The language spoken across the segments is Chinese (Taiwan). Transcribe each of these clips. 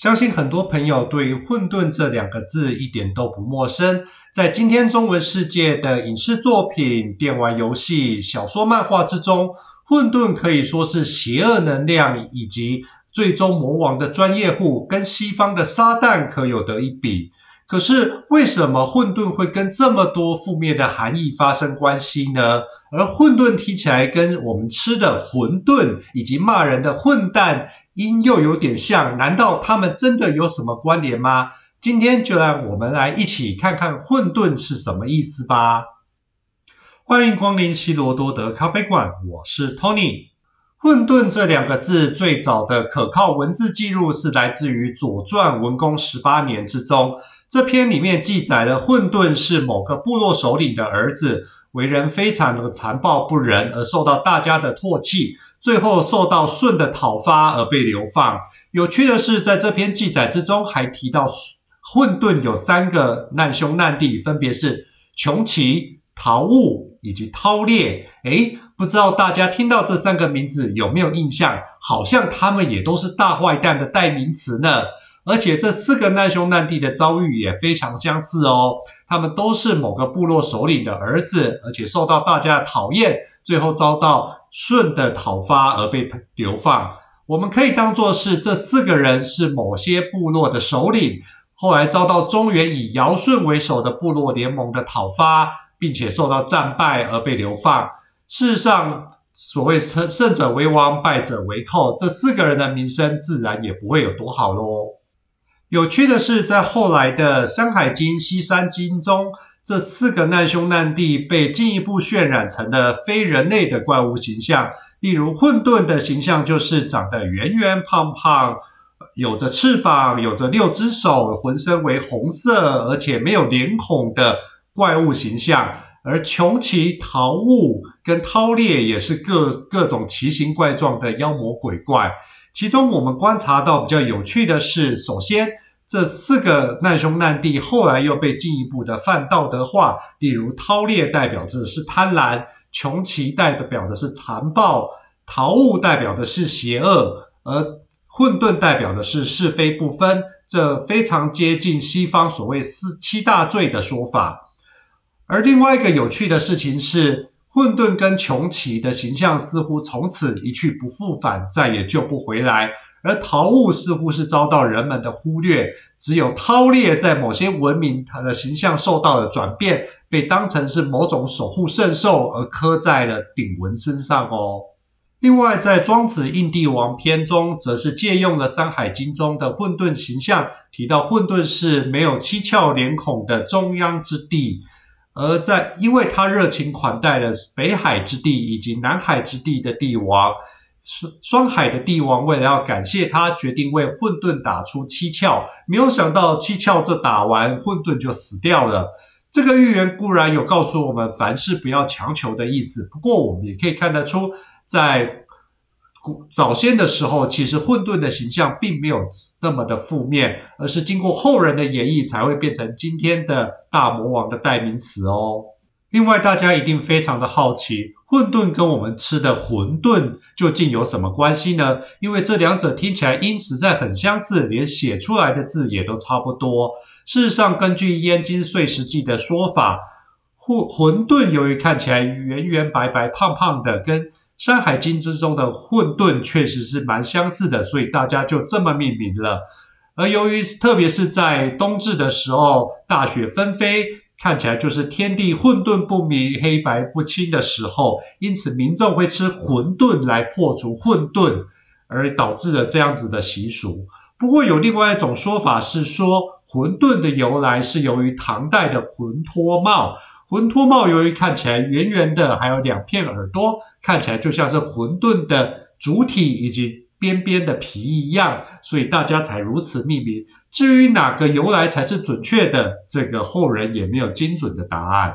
相信很多朋友對於“混沌”這兩個字一點都不陌生，在今天中文世界的影視作品、電玩遊戲、小說漫畫之中，“混沌”可以說是邪惡能量以及最終魔王的專業戶，跟西方的撒旦可有得一比。可是為什麼“混沌”會跟這麼多負面的含義發生關係呢？而“混沌”聽起來跟我們吃的餛飩以及罵人的混蛋，音又有點像，難道他們真的有什麼關聯嗎？今天就讓我們來一起看看“渾沌”是什麼意思吧。歡迎光臨希羅多德咖啡館，我是 Tony。渾沌這兩個字最早的可靠文字記錄是來自於《左傳·文公十八年》之中，這篇裡面記載了渾沌是某個部落首領的兒子，為人非常的殘暴不仁，而受到大家的唾棄。最後受到舜的討伐而被流放。有趣的是，在這篇記載之中還提到混沌有三個難兄難弟，分別是窮奇、檮杌以及饕餮。誒，不知道大家聽到這三個名字有沒有印象？好像他們也都是大壞蛋的代名詞呢。而且這四個難兄難弟的遭遇也非常相似哦。他們都是某個部落首領的兒子，而且受到大家的討厭，最後遭到。舜的討伐而被流放，我們可以當作是這四個人是某些部落的首領，後來遭到中原以堯舜為首的部落聯盟的討伐，並且受到戰敗而被流放。事實上，所謂勝勝者為王，敗者為寇，這四個人的名聲自然也不會有多好咯。有趣的是，在後來的《山海經》《西山經》中。這四個難兄難弟被進一步渲染成了非人類的怪物形象，例如混沌的形象就是長得圓圓胖胖，有着翅膀，有着六隻手，渾身為紅色，而且沒有臉孔的怪物形象。而窮奇、檮杌跟饕餮也是各各種奇形怪狀的妖魔鬼怪。其中我們觀察到比較有趣的是，首先。這四個難兄難弟後來又被進一步的泛道德化，例如饕餮代表的是貪婪，窮奇代表的是殘暴，檮杌代表的是邪惡，而混沌代表的是是非不分。這非常接近西方所謂四七大罪的說法。而另外一個有趣的事情是，混沌跟窮奇的形象似乎從此一去不復返，再也救不回來。而檮杌似乎是遭到人們的忽略，只有饕餮在某些文明，它的形象受到了轉變，被當成是某種守護聖獸而刻在了鼎紋身上哦。另外，在《莊子·應帝王篇》中，則是借用了《山海經》中的混沌形象，提到混沌是沒有七竅臉孔的中央之地，而在因為它熱情款待了北海之地以及南海之地的帝王。雙海的帝王為了要感謝他，決定為混沌打出七竅。沒有想到七竅這打完，混沌就死掉了。這個寓言固然有告訴我們凡事不要強求的意思，不過我們也可以看得出，在古早先的時候，其實混沌的形象並沒有那麼的負面，而是經過後人的演繹，才會變成今天的大魔王的代名詞哦。另外，大家一定非常的好奇。渾沌跟我們吃的餛飩究竟有什麼關係呢？因為這兩者聽起來音實在很相似，連寫出來的字也都差不多。事實上，根據《燕京歲時記》的說法，餛餛飩由於看起來圓圓白白、胖胖的，跟《山海經》之中的渾沌確實是蠻相似的，所以大家就這麼命名了。而由於，特別是在冬至的時候，大雪紛飛。看起來就是天地混沌不明、黑白不清的時候，因此民眾會吃餛飩來破除混沌，而導致了這樣子的習俗。不過有另外一種說法是說，餛飩的由來是由於唐代的渾脫帽。渾脫帽由於看起來圓圓的，還有兩片耳朵，看起來就像是餛飩的主體以及邊邊的皮一樣，所以大家才如此命名。至於哪個由來才是準確的，這個後人也沒有精準的答案。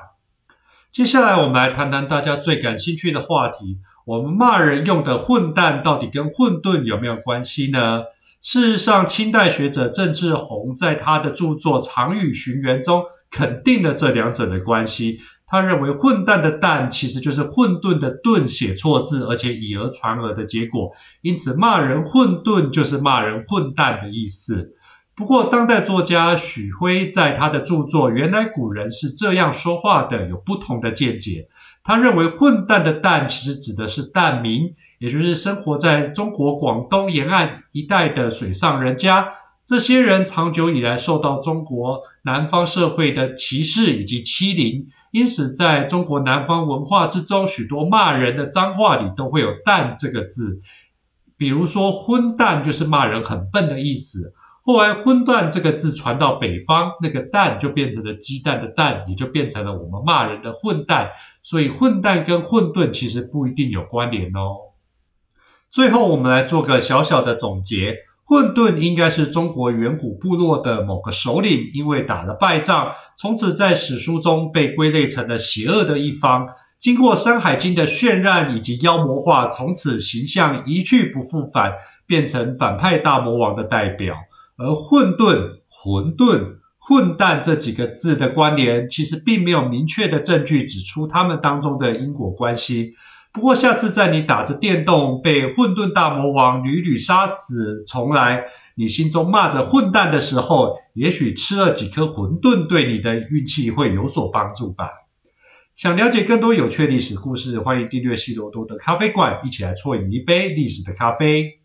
接下來，我們來談談大家最感興趣的話題：我們罵人用的“混蛋”到底跟“混沌”有沒有關係呢？事實上，清代學者鄭志鴻在他的著作《常語尋源》中肯定了這兩者的關係。他認為，“混蛋”的“蛋”其實就是“混沌”的“沌”寫錯字，而且以訛傳訛的結果。因此，罵人“混沌”就是罵人“混蛋”的意思。不過，當代作家許暉在他的著作《原來古人是這樣說話的》有不同的見解。他認為，“混蛋”的“蛋”其實指的是“蛋民”，也就是生活在中國廣東沿岸一帶的水上人家。這些人長久以來受到中國南方社會的歧視以及欺凌，因此在中國南方文化之中，許多罵人的髒話裡都會有“蛋”這個字。比如說，“混蛋”就是罵人很笨的意思。後來“混蛋”這個字傳到北方，那個“蛋”就變成了雞蛋的“蛋”，也就變成了我們罵人的“混蛋”。所以“混蛋”跟“混沌”其實不一定有關聯哦。最後，我們來做個小小的總結：“混沌”應該是中國遠古部落的某個首領，因為打了敗仗，從此在史書中被歸類成了邪惡的一方。經過《山海經》的渲染以及妖魔化，從此形象一去不復返，變成反派大魔王的代表。而混沌、餛飩、混蛋這幾個字的關聯，其實並沒有明確的證據指出他們當中的因果關係。不過，下次在你打着電動被混沌大魔王屢屢殺死重來，你心中罵着混蛋的時候，也許吃了幾顆餛飩，對你的運氣會有所幫助吧。想了解更多有趣歷史故事，歡迎訂閱西羅多的咖啡館，一起來啜飲一杯歷史的咖啡。